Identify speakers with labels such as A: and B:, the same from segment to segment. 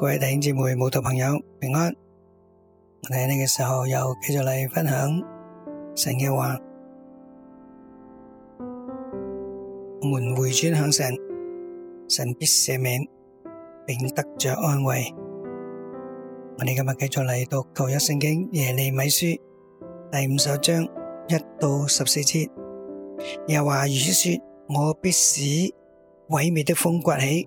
A: 各位弟兄姊妹、慕道朋友平安，我哋喺呢個時候又繼續嚟分享神嘅話，我們回轉向神，神必赦免，並得着安慰。我哋今日繼續嚟讀舊約聖經耶利米書第五十章一到十四節，又話如此說我必使毀滅的風刮起。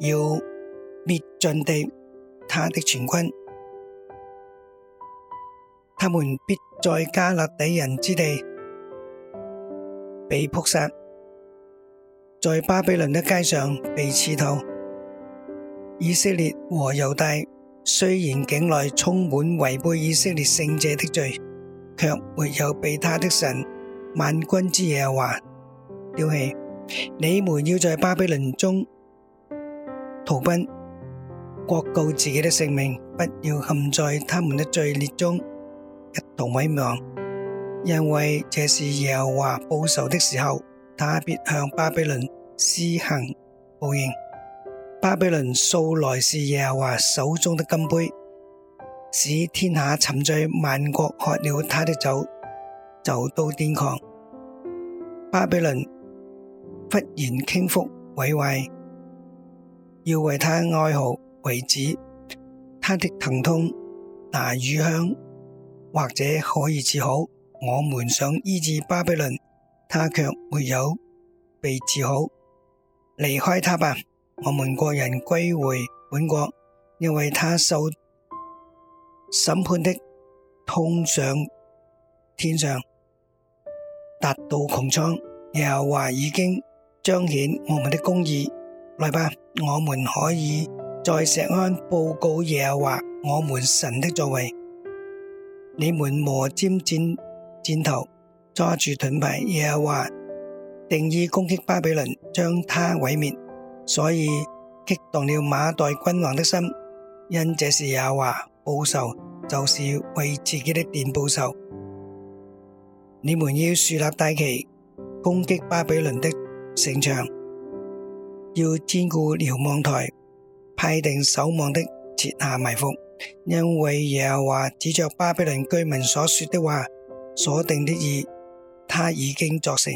A: 要滅盡地他的全軍，他們必在加勒底人之地被撲殺，在巴比倫的街上被刺透。以色列和猶大雖然境內充滿違背以色列聖者的罪，卻沒有被他的神萬軍之耶和華丟棄。你們要在巴比倫中，逃奔，各救自己的性命，不要陷在他們的罪孽中一同毀亡。因為這是耶和華報仇的時候，他必向巴比倫施行報應。巴比倫素來是耶和華手中的金杯，使天下沉醉，萬國喝了他的酒就都癲狂。巴比倫忽然傾覆毀壞。要為他哀號為止，他的疼痛、拿乳香或者可以治好。我們想醫治巴比倫，他卻沒有被治好。離開他吧，我們個人歸回本國，因為他受審判的通上天上達到穹蒼。又話已經彰顯我們的公義。來吧，我們可以在錫安報告耶和華我們神的作為。你們磨尖箭箭頭，抓住盾牌，耶和華定意攻擊巴比倫，將他毀滅。所以激動了馬代君王的心，因這是耶和華報仇，就是為自己的殿報仇。你們要豎立大旗，攻擊巴比倫的城牆。要堅固瞭望臺，派定守望的，設下埋伏，因為耶和華指着巴比倫居民所說的話所定的意，他已經作成。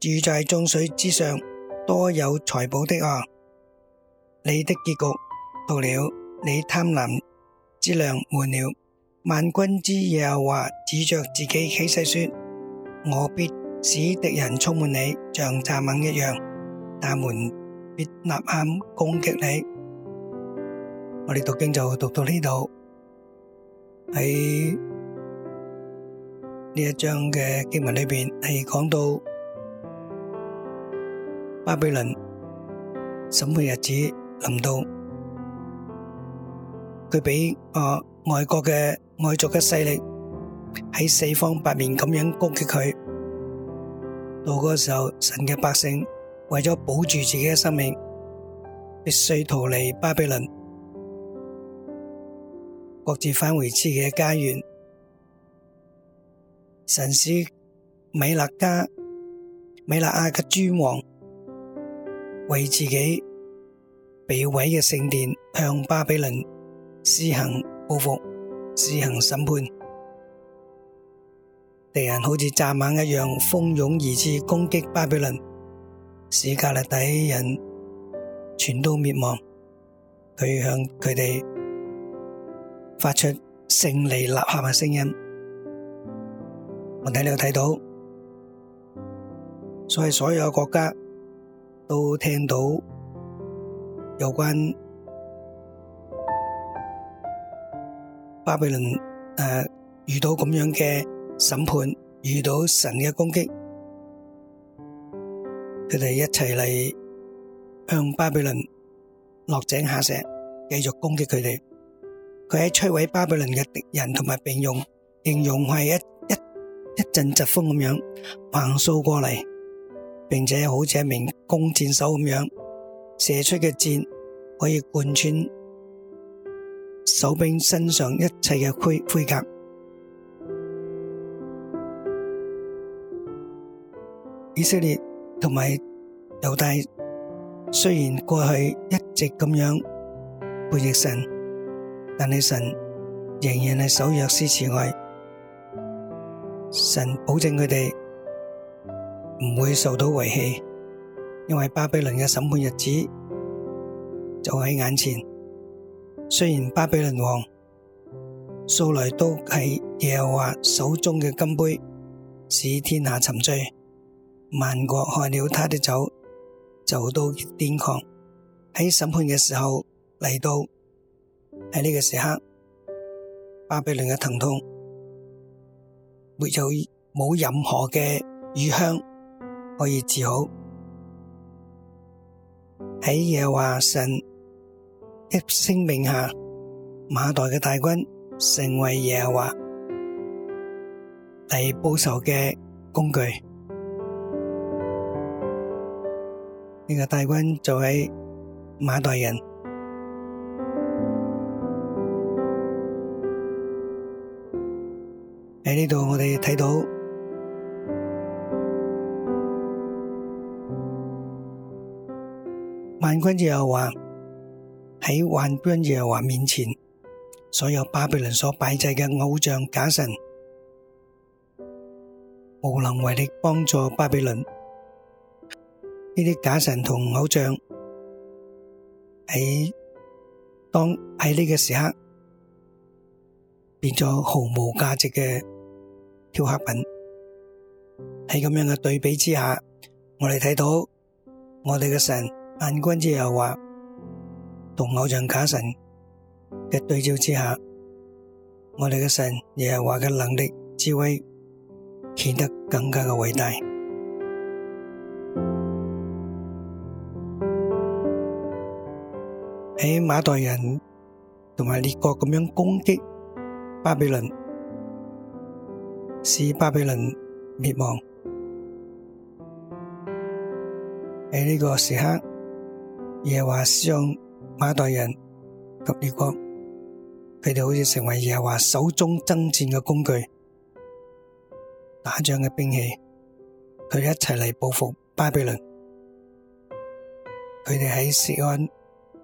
A: 住在眾水之上，多有財寶的啊！你的結局到了，你貪婪之量滿了，萬軍之耶和華指着自己起誓說：我必使敵人充滿你，像蚱蜢一樣。他們必吶喊攻擊你。我哋讀經就讀到呢度，喺呢一章嘅經文裏邊係講到巴比倫審判日子臨到，佢俾啊外國嘅外族嘅勢力喺四方八面咁樣攻擊佢。到嗰時候，神嘅百姓。為咗保住自己嘅生命，必須逃離巴比倫，各自返回自己嘅家園。神使米勒加、米勒阿嘅諸王，為自己被毀嘅聖殿向巴比倫施行報復、施行審判。敵人好似蚱蜢一樣蜂擁而至，攻擊巴比倫。使迦勒底人全都滅亡，佢向佢哋發出勝利吶喊嘅聲音。我睇你有睇到，所以所有國家都聽到有關巴比倫誒遇到咁樣嘅審判，遇到神嘅攻擊。佢哋一齊嚟向巴比倫落井下石，繼續攻擊佢哋。佢喺摧毀巴比倫嘅敵人同埋兵用，形容係一一一陣疾風咁樣橫掃過嚟，並且好似一名弓箭手咁樣射出嘅箭，可以貫穿守兵身上一切嘅盔盔甲。以色列。同埋猶大，雖然過去一直咁樣背逆神，但係神仍然係守約施慈愛，神保證佢哋唔會受到遺棄，因為巴比倫嘅審判日子就喺眼前。雖然巴比倫王素來都係耶和華手中嘅金杯，使天下沉醉。萬國喝了他的酒，就都癲狂。喺審判嘅時候嚟到，喺呢個時刻，巴比倫嘅疼痛沒有冇任何嘅乳香可以治好。喺耶華神一聲命下，馬代嘅大軍成為耶華嚟報仇嘅工具。呢個大軍就係馬代人喺呢度，我哋睇到萬軍之耶和華喺萬軍之耶和華面前，所有巴比倫所擺製嘅偶像假神，無能為力幫助巴比倫。呢啲假神同偶像喺當喺呢個時刻變咗毫無價值嘅雕刻品。喺咁樣嘅對比之下，我哋睇到我哋嘅神眼光之又話同偶像假神嘅對照之下，我哋嘅神耶和華嘅能力智慧顯得更加嘅偉大。喺馬代人同埋列國咁樣攻擊巴比倫，使巴比倫滅亡。喺呢個時刻，耶華使用馬代人及列國，佢哋好似成為耶華手中爭戰嘅工具，打仗嘅兵器。佢哋一齊嚟報復巴比倫，佢哋喺錫安。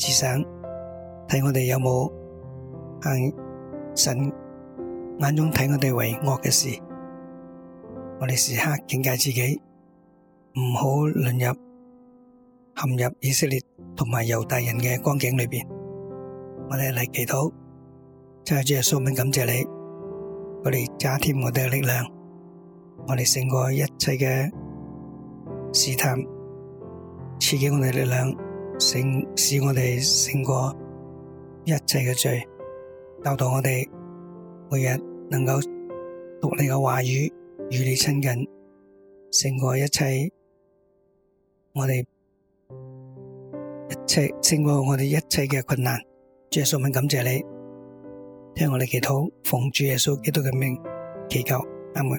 A: 自省，睇我哋有冇喺、哎、神眼中睇我哋為惡嘅事，我哋時刻警戒自己，唔好淪入陷入以色列同埋猶大人嘅光景裏邊。我哋嚟祈禱，真係主耶穌，我哋感謝你，我哋加添我哋嘅力量，我哋勝過一切嘅試探，刺激我哋力量。勝使我哋勝過一切嘅罪，教導我哋每日能夠讀你嘅話語，與你親近，勝過一切我。我哋一切勝過我哋一切嘅困難。主耶穌，我哋感謝你，聽我哋祈禱，奉主耶穌基督嘅名，祈求，阿門。